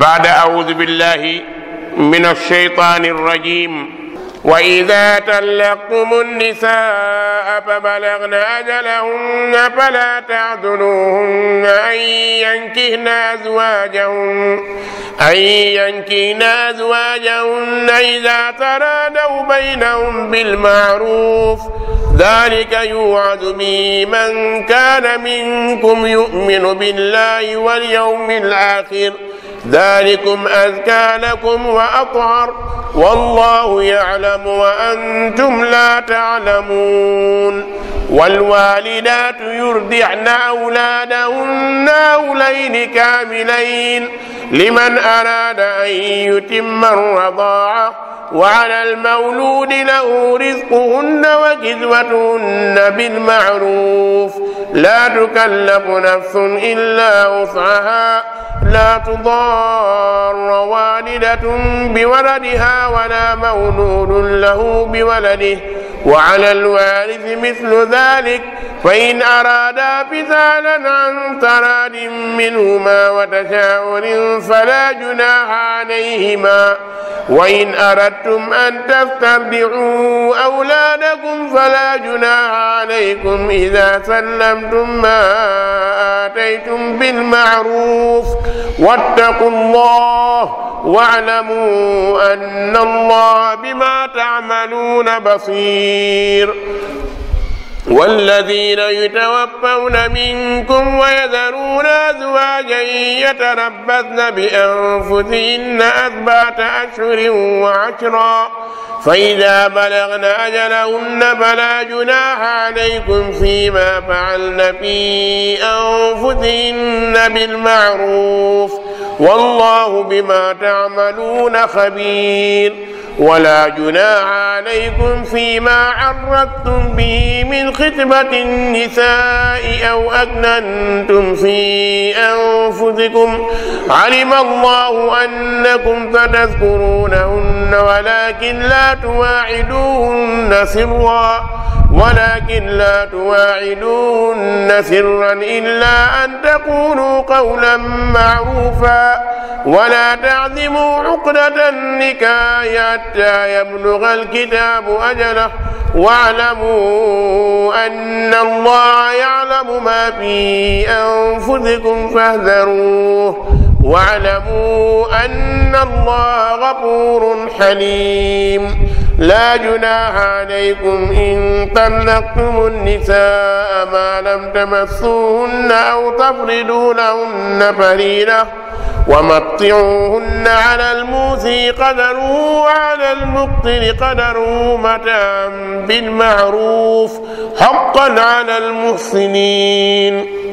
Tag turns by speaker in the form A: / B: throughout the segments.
A: بعد أعوذ بالله من الشيطان الرجيم وإذا طلقتم النساء فبلغن أجلهن فلا تعذلوهن أن ينكهن أزواجهن أن ينكهن أزواجهن إذا ترادوا بينهم بالمعروف ذلك يوعد به من كان منكم يؤمن بالله واليوم الآخر ذلكم أزكى لكم وأطهر والله يعلم وأنتم لا تعلمون والوالدات يرضعن أولادهن أولين كاملين لمن أراد أن يتم الرضاعة وعلى المولود له رزقهن وكسوتهن بالمعروف لا تكلف نفس إلا وسعها لا تضار والدة بولدها ولا مولود له بولده وعلى الوارث مثل ذلك فإن أرادا فصالا عن تراد منهما وتشاور فلا جناح عليهما وإن أردتم أن تسترضعوا أولادكم فلا جناح عليكم إذا سلمتم ما آتيتم بالمعروف واتقوا الله واعلموا أن الله بما تعملون بصير والذين يتوفون منكم ويذرون أزواجا يتربصن بأنفسهن أربعة أشهر وعشرا فإذا بلغن أجلهن فلا جناح عليكم فيما فعلن في أنفسهن بالمعروف والله بما تعملون خبير ولا جناح عليكم فيما عرضتم به من خطبة النساء أو أكننتم في أنفسكم علم الله أنكم تذكرونهن ولكن لا تواعدوهن سرا ولكن لا تواعدون سرا إلا أن تقولوا قولا معروفا ولا تعزموا عقدة النكاح حتى يبلغ الكتاب أجله واعلموا أن الله يعلم ما في أنفسكم فاهذروه واعلموا أن الله غفور حليم لا جناح عليكم إن طلقتم النساء ما لم تمسوهن أو تفرضوا لهن فريضة ومتعوهن على الموسي قدره وعلى المقتل قدره متاعا بالمعروف حقا على المحسنين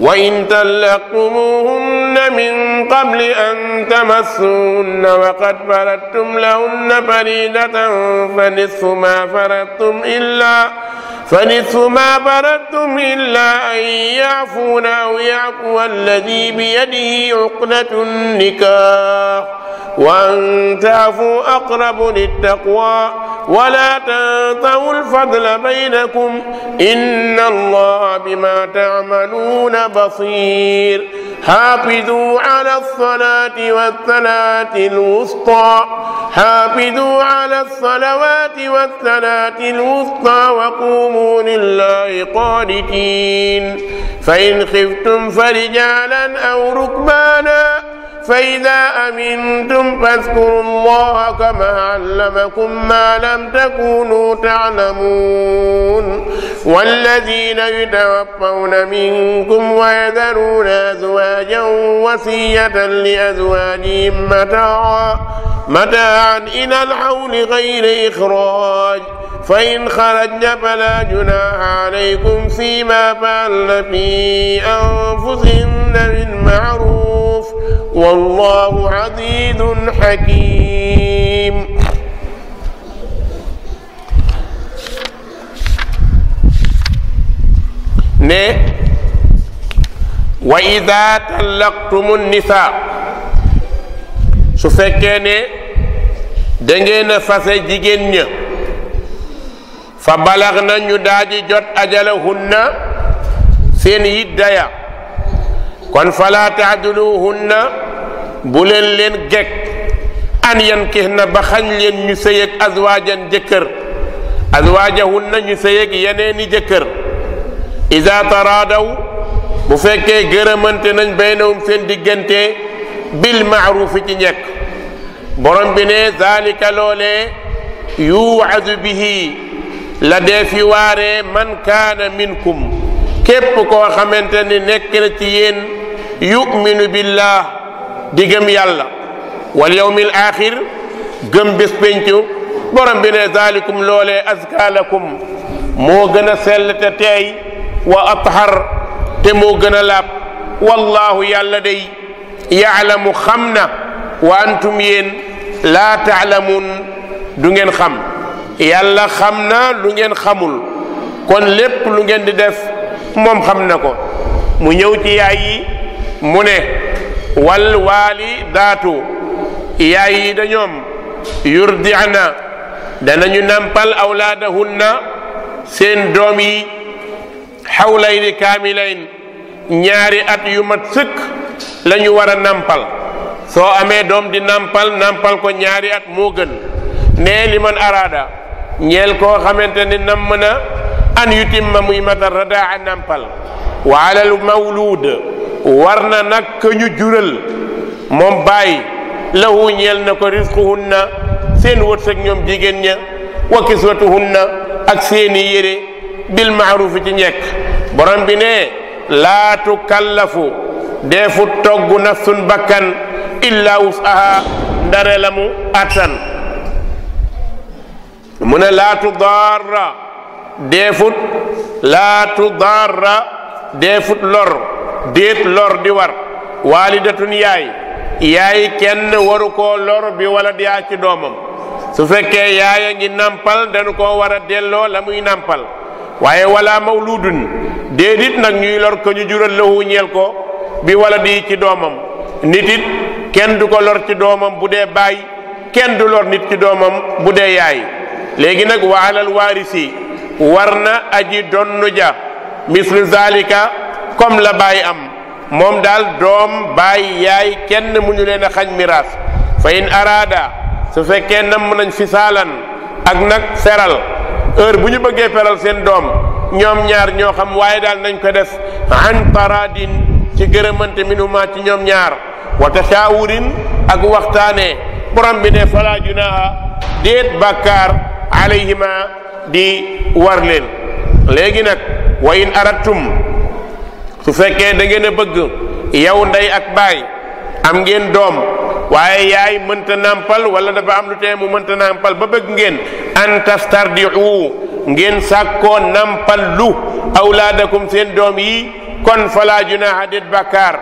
A: وإن طلقتموهن من قبل أن تمسوهن وقد فرضتم لهن فريضة فنصف ما فرضتم إلا فنصف ما فرضتم إلا أن يعفون أو يعفو الذي بيده عقدة النكاح وأن تعفوا أقرب للتقوى ولا تنتهوا الفضل بينكم إن الله بما تعملون بصير حافظوا على الصلاة والصلاة الوسطى حافظوا على الصلوات والصلاة الوسطى وقوموا لله قانتين فإن خفتم فرجالا أو ركبانا فإذا أمنتم فاذكروا الله كما علمكم ما لم تكونوا تعلمون والذين يتوفون منكم ويذرون أزواجا وصية لأزواجهم متاعا متاعا إلى الحول غير إخراج فإن خرجن فلا جناح عليكم فيما فعلن في أنفسهن من معروف والله عزيز حكيم ne wa ida tallaqtumu nisa su fekkee ne da ngeen a fase jigéen ña fa balax na ñu daaji jot seen yiddaya kon fala taadiluhunna bu leen leen geg an yankihna ba xañ leen ñu sëy ak azwaajan jëkkër azwaajahunna ñu sëy ak yeneeni jëkkër iza bu fekkee gërëmante nañ baynahum seen diggante bil maarufi ci ñekk borom bi ne zalika loolee bihi la dee fi waaree man kaana minkum képp koo xamante ni nekk na ci billah di gëm yàlla wal yawmil axir gëm bés péncu borom bi loole zalikum moo gën a sell te teey wa athar te moo gën a laab wallahu yàlla day yaalamu xam na wa antum yéen laa taalamuun du ngeen xam yàlla xam na lu ngeen xamul kon lépp lu ngeen di def moom xam na ko mu ñëw ci yaay mu ne wal waalidaatu yaay yi da ñoom yurdi'na danañu nampal awlaadahunna seen doom yi xawlayni kaamilayn ñaari at yu mat sëkk lañu ñu war a nampal soo amee doom di nampal nampal ko ñaari at moo gën nee li man araada ñeel koo xamante ne namm na an yutimma muy matal radaa nampal wa alal mawluud war na nag ñu jural moom bàyyi lahu ñeel na ko na seen wërsëg ñoom jigéen ña wa kiswatuhunna ak seeni yére bil maaruf ci njekk borom bi ne laa tukallafu deefu togg nafsun bakkan illa wusaha ndare la mu attan mu ne laa tudaarra deefut laa tudaarra deefut lor déet lor di war waalidatun yaay yaay kenn waru ko lor bi wala yaa ci doomam su fekkee yaaya ngi nampal dañu ko war a delloo la muy nampal waaye wala mawludun déedit nag ñuy lor ko ñu jural lahu ñeel ko bi wala di ci doomam nit it kenn du ko lor ci doomam bu dee baay kenn du lor nit ci doomam bu dee yaay léegi nag wa waarisi war na aji donnu ja mislu comme la baay am moom daal doom baay yaay kenn mu ñu leen a xañ miraas fa in araada su fekkee namm nañ fi saalan ak nag seral heure bu ñu bëggee feral seen doom ñoom ñaar ñoo xam waaye daal nañ ko def an taradin ci gërëmante minuma ci ñoom ñaar wa tashaawurin ak waxtaanee borom bi ne fala junaaha déet bàkkaar alayhima di war leen léegi nag wa in aradtum su fekkee da ngeen a bëgg yow ndey ak baay am ngeen doom waaye yaay mënta nàmpal wala dafa am lu tee mu mënta nàmpal ba bëgg ngeen an tastardiu ngen sàkkoo nampal lu awlaadakum seen doom yi kon falaa junaaha déet bàkkaar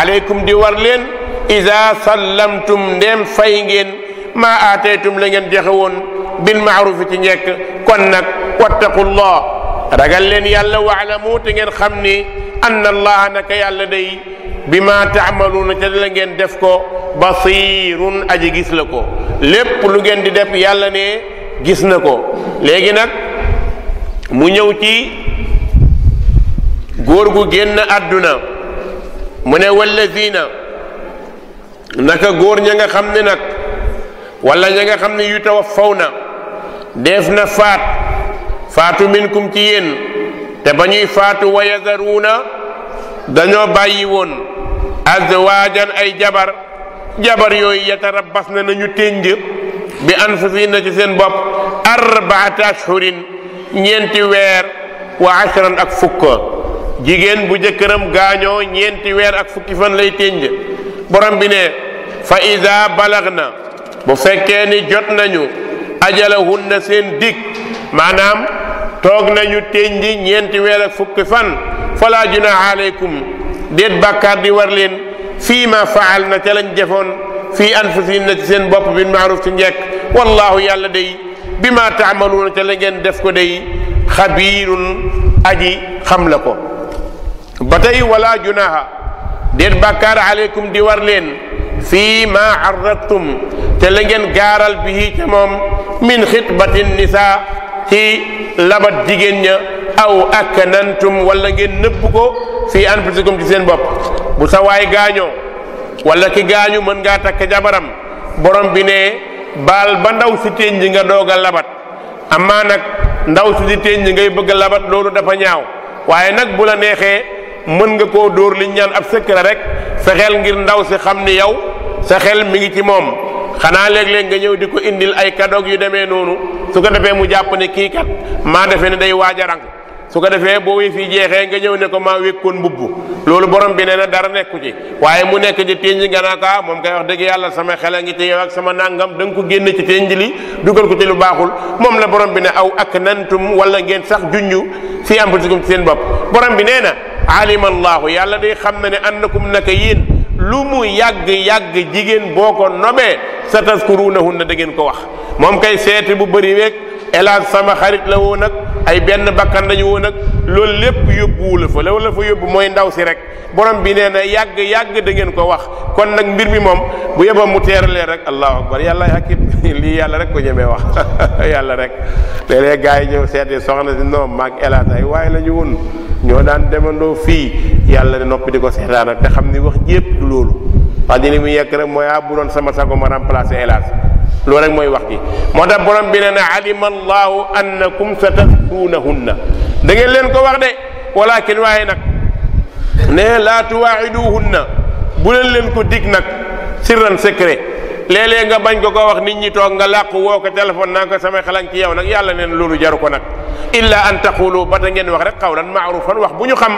A: aleykum di war leen ida sallamtum ndeem fay ngeen maa aataytum la ngeen joxe woon bil maarufi ci njekk kon nag wattaqullah ragal leen yàlla waalamu te ngeen xam ni anna allaha naka yàlla day bi ma taamaluuna ca la ngeen def ko basirun aji gis la ko lépp lu ngeen di def yàlla ne gis na ko léegi nag mu ñëw ci góor gu génn àdduna mu ne wallazina naka góor ña nga xam ne nag wala ña nga xam ne yu tawaffaw na def na faat faatu minkum ci yéen te ba ñuy faatu wa yazaruuna dañoo bàyyi woon azwaajan ay jabar jabar yooyu yatarabbas na nañu ténj bi anfusihinna ci seen bopp arbaata ashhurin ñeenti weer wa ashran ak fukk jigéen bu jëkkëram gaañoo ñeenti weer ak fukki fan lay ténj borom bi ne fa ida balagna bu fekkee ni jot nañu ajalahunna seen dig maanaam toog nañu ténji ñeenti weer ak fukki fan fala junaaha aleykum déet bàkkaar di war leen fii ma faal na ca lañ defoon fii anfusihim na ci seen bopp bin maaruf ci njekk wallahu yàlla day bi ma taamaluuna ca la def ko day xabiirun aji xam la ko ba tey wala junaaha déet bàkkaar aleykum di war leen fii ma arradtum te gaaral bihi ca min xitbatin nisaa ci labat jigéen ña aw akkanantum walla ngeen nëpp ko fii anfusikum ci seen bopp bu sa waay gaañoo wala ki gaañu mën ngaa takk jabaram borom bi ne baal ba ndaw si téen ji nga doog a labat amaa nag ndaw si di téen ji ngay bëgg labat loolu dafa ñaaw waaye nag bu la neexee mën nga koo dóor liñ ñaan ab sëkk la sa fexeel ngir ndaw si xam ni yow sa xel mi ngi ci moom xanaa léeg leen nga ñëw di ko indil ay kadoog yu demee noonu su ko defee mu jàpp ne kii kat maa defee ne day waaj a rang su ko defee boo wee fii jeexee nga ñëw ne ko maa wékkoon mbubb loolu borom bi nee na dara nekku ci waaye mu nekk ci ténj nga naa kaa ah, moom kay wax dëgg yàlla sama xel a ngi ci yow sama nangam da nga ko génn ci ténj li dugal ko ci lu baaxul moom la borom bi ne aw ak nantum wala ngeen sax junju fi am ci seen bopp borom bi nee na alima allahu yàlla day xam ne ne annakum naka yéen lu mu yàgg-yàgg jigéen boo ko nobee sa taskuruunahunna na ngeen ko wax moom kay seeti bu bëri weeg elage sama xarit la woon ak ay benn bakkan dañu woon ak loolu lépp yóbbuwu la fa loolu la fa yóbbu mooy ndaw si rek borom bi nee na yàgg-yàgg da ngeen ko wax kon nag mbir mi moom bu yeboo mu teeralee rek allahu akbar yàlla hakim lii yàlla rek ko ñemee wax yàlla rek léeg-léeg gars yi ñëw seeti soxna si noom maag elage ay waaye la ñu ñoo daan demandoo fii yàlla ne noppi ko seetaan ak te xam ni wax jépp du loolu wax ji mu yekk rek mooy ah bu doon sama sago ma remplacé hélas loolu rek mooy wax ji moo tax borom bi ne na alima allahu annakum satadkunahunna da ngeen leen ko wax de walakin waaye nag ne laa tuwaaxiduhunna bu leen leen ko dikk nag sirran secret léeg-léeg nga bañ ko ko wax nit ñi toog nga làqu woo ko téléphone naa ko samay xalaat ci yow nag yàlla neen loolu jaru ko nag illa an taqulu ba ta ngeen wax rek qawlan maarufan wax bu ñu xam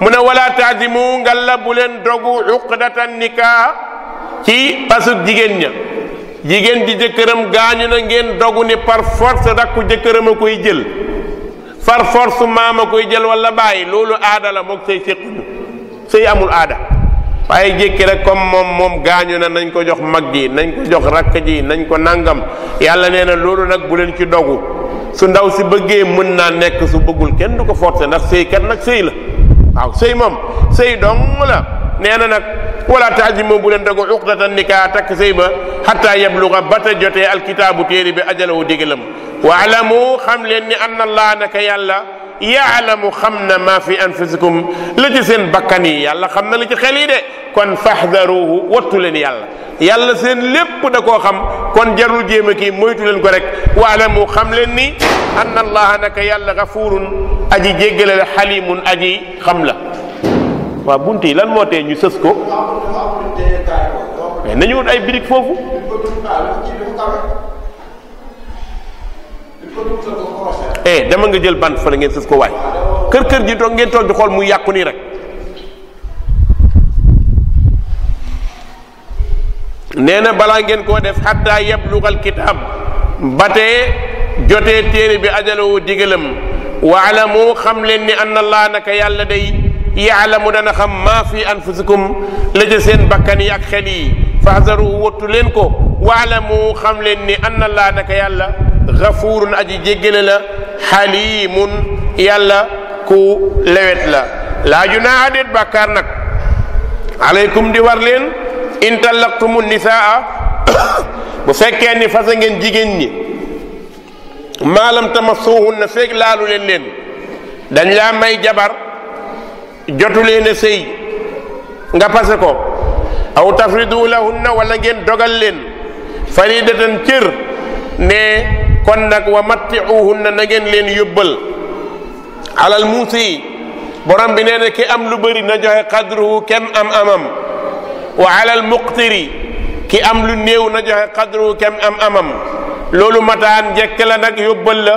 A: mu ne wala taadimu la bu leen dogu uqdata nikaa ci pasuk jigéen ña jigéen ji jëkkëram gaañu na ngeen dogu ni par force rakku jëkkëram a koy jël par force maam a koy jël wala bàyyi loolu aada la sey sëy séquñu sëy amul aada waaye jékki rek comme moom moom gaañu na nañ ko jox mag ji nañ ko jox rakk ji nañ ko nangam yàlla nee na loolu nag bu leen ci dogu su ndaw si bëggee mën na nekk su bëggul kenn ko forcer ndax sëy kat nag sëy la aw sëy moom sëy dong la nee na nag wala taajimoo bu leen dagu uqdatan nikaa takk sëy ba xataa yabluga ba ta jotee alkitaabu téere bi ajalawu digalam waalamu xam leen ni anna allah naka yàlla yaalamu xam na ma fi anfusikum la ci seen bakkan yi yàlla xam na la ci xel yi de kon faxdaruhu wattu leen yàlla yàlla seen lépp da koo xam kon jarul jéem a kii moytu leen ko rek waalamu xam leen ni anna allaha naka yàlla nga gafurun aji jéggale la xalimun aji xam la waaw bunt yi lan moo tee ñu sës ko mais nañu wut ay birig foofu eh dama nga jël bant fa la ngeen sës ko waay kër kër ji toog ngeen toog di xool muy yàqu nii rek nee na balaa ngeen koo def xatta yablugal kitaab ba tee jotee téere bi ajalawu digalam waalamu xam leen ni anna allah naka yàlla day yaalamu dana xam maa fi anfusikum la ca seen yi ak xel yi fahzaru wattu leen ko waalamu xam leen ni anna allah naka yàlla gafuurun aji jéggale la xalimun yàlla ku lewet la laaju naa adeet bàkkaar nag aleykum di war leen in tallaqtumu nisaa bu fekkee ni fase ngeen jigéen ñi maalam tamassuhunna feeg laalu leen leen dañ laa may jabar jotu leen a sëy nga fase ko aw tafridu lahunna wala ngeen dogal leen faridatan cër ne kon nag wa mattiuhunna na ngeen leen yóbbal alal muusi borom bi nee na ki am lu bëri na joxe qadruhu kenn am amam wa alal muqtiri ki am lu néew na joxe qadru kem am amam loolu mataan njekk la nag yóbbal la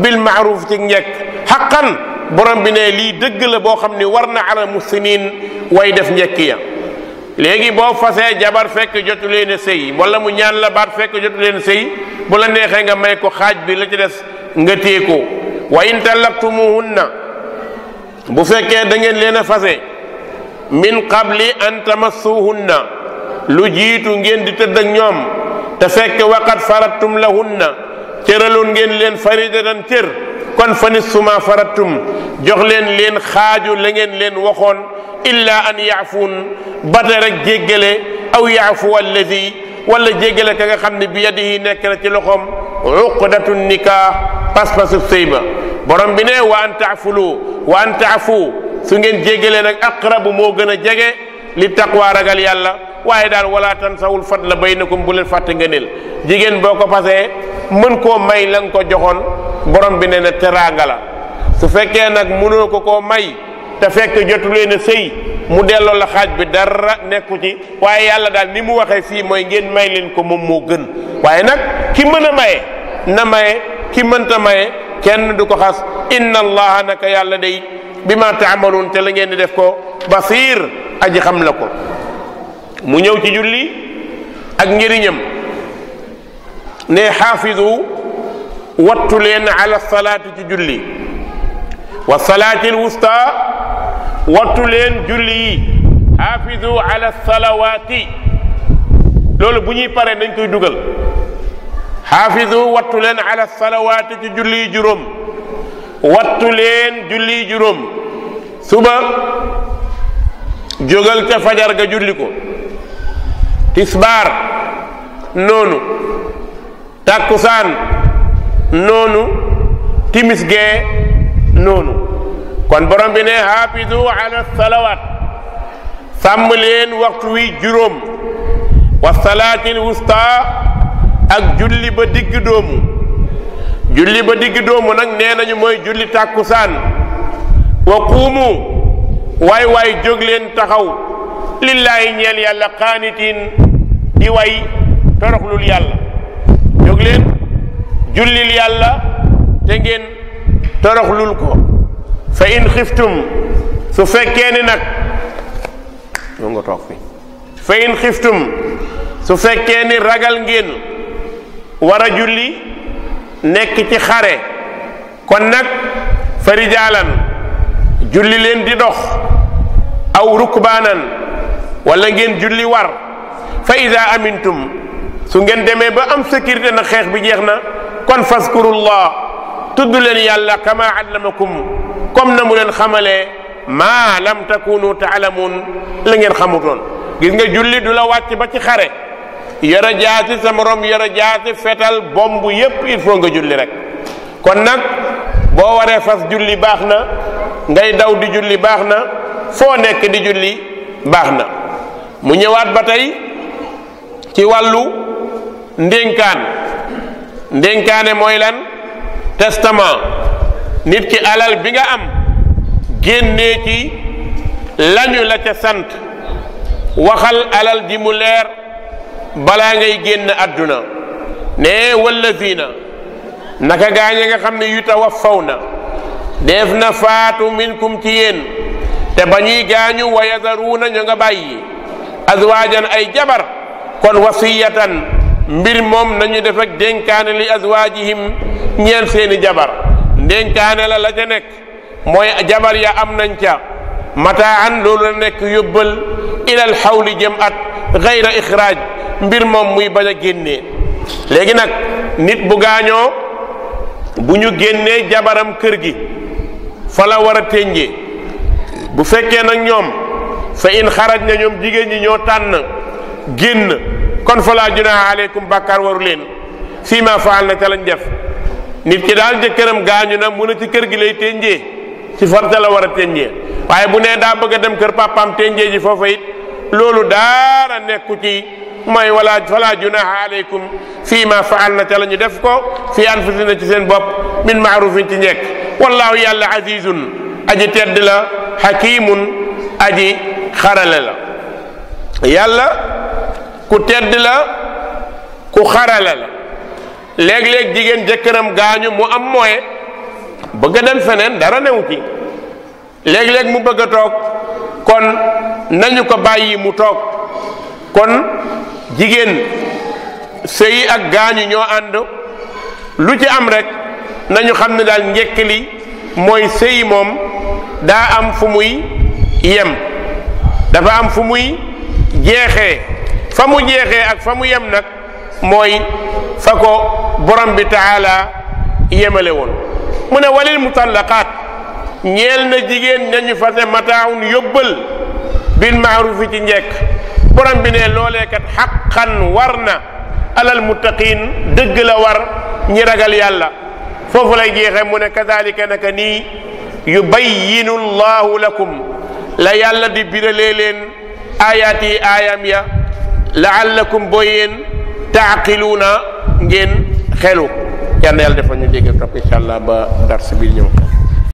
A: bil maaruf ci njekk xaqan borom bi ne lii dëgg la boo xam ni war na ala muhsinin way def njekk ya léegi boo fasee jabar fekk jotu leen a sëy wala mu ñaan la baat fekk jotu leen sëy bu la neexee nga may ko xaaj bi la ci des nga téye ko wa in tallaqtumuhunna bu fekkee da ngeen leen a fase min qabli an tamassuhunna lu jiitu ngeen di tëdd ak ñoom te fekk waqat farattum lahunna cëraloon ngeen leen faridatan cër kon fa nisuma farattum jox leen leen xaaju la ngeen leen waxoon illa an yaafuun bata rek jéggale aw yaafu alladi wala jéggale ka nga xam ne bi yadihi nekk ci loxoom uqdatu nikah pas-pasu sëy ba borom wa an taafulu wa su ngeen jéggalee nag aqrabu moo gën a jege li waa ragal yàlla waaye daal wala tan sawul fadla baynakum bu leen fàtte ngëneel jigéen boo ko pasee mën koo may la ko joxoon borom bi ne na teraanga la su fekkee nag mënoo ko koo may te fekk jotu leen sëy mu delloo la xaaj bi dara nekku ci waaye yàlla daal ni mu waxee sii mooy ngeen may leen ko moom moo gën waaye nag ki mën a maye na maye ki a maye kenn du ko xas inna allaha naka yàlla day bi ma taamaluun te la ngeen di def ko basir aji xam la ko mu ñëw ci julli ak njëriñam ne xaafidu wattu leen ala salaat ci julli wa salaatil wusta wattu leen julli yi xaafidu ala salawaati loolu bu ñuy paree dañ koy dugal xaafidu wattu leen ala salawaati ci julli juróom wattu leen julli juróom suba jógal ca fajar ga julli ko tisbaar noonu tàkkusaan noonu timis gee noonu kon borom bi ne hafidu ala salawat sàmm leen waxtu wi juróom wa salaatil wusta ak julli ba digg doomu julli ba digg doomu nag nee nañu mooy julli tàkkusaan wa quumu waay waay jóg taxaw lillaahi ñeel yàlla xaanitiin di way toroxlul yàlla jóg leen jullil yàlla te ngeen toroxlul ko fa in xiftum su fekkee ni nag ñoo nga toog in xiftum su fekkee ni ragal ngeen war julli nekk ci xare kon nag farijaalan julli leen di dox aw rukbaanan wala ngeen julli war fa ida amintum su ngeen demee ba am sécurité na xeex bi jeex na kon faskurullah tudd leen yàlla kama allamakum comme na mu leen xamalee maa lam takunu taalamun la ngeen xamutoon gis nga julli du la wàcc ba ci xare yore jaasi sa morom yore jaasi fetal bomb yépp il faut nga julli rek kon nag boo waree fas julli baax na ngay daw di julli baax na foo nekk di julli baax na mu ñëwaat ba tey ci wàllu ndénkaan ndénkaane mooy lan testament nit ki alal bi nga am génnee ci lañu la ca sant waxal alal ji mu leer balaa ngay génn àdduna ne wallazina naka gaañe nga xam ne yu tawaffaw na def na faatu minkum ci yéen te ba ñuy gaañu wa yazaruuna ñu nga bàyyi azwaajan ay jabar kon wasiyatan mbir moom nañu def ak dénkaane li azwaajihim ñeel seeni jabar dénkaane la la ca nekk mooy jabar ya am nañ ca mataan loolu la nekk yóbbal ilal xawli jëm at gayra ixraaj mbir moom muy bañ a génnee léegi nag nit bu gaañoo bu ñu génnee jabaram kër gi fa la war a ténjee bu fekkee nag ñoom fa in xaraj na ñoom jigéen ñi ñoo tànn génn kon fa laa junaaha aleykum bàkkaar waru leen fii ma faal na ca lañ def nit ki daal jëkkëram gaañu na mu ne ci kër gi lay ténjee ci farta la war a ténjee waaye bu nee daa bëgg a nekku ci mooy wala fala junaha aleykum fii ma faalna te la def ko fii anfusina ci seen bopp min maarufin ci njekk wallahu yàlla azizun aji tedd la hakimun aji xarale la yàlla ku tedd la ku xarale la léeg-léeg jigéen jëkkëram gaañu mu am mooye bëgg a dem feneen dara newu ci léeg-léeg mu bëgg a toog kon nañu ko bàyyi mu toog kon jigéen sëy ak gaañu ñoo ànd lu ci am rek nañu xam ne daal njëkk li mooy sëy moom daa am fu muy yem dafa am fu muy jeexee fa mu jeexee ak fa mu yem nag mooy fa ko borom bi taala yemale mu ne walil mutallaqaat ñeel na jigéen nañu fase mataawun yóbbal bil maarufi ci njekk borom bi ne loolee kat xaqan war na alal muttaqin dëgg la war ñi ragal yàlla foofu lay jeexee mu ne kadalika naka nii yubayyinu llahu lakum la yàlla di biralee leen ayaat yi aayam ya laallakum boo taaqiluuna ngeen xelu yàlla yàlla ñu dégg topp incha allah ba dars bi ñëw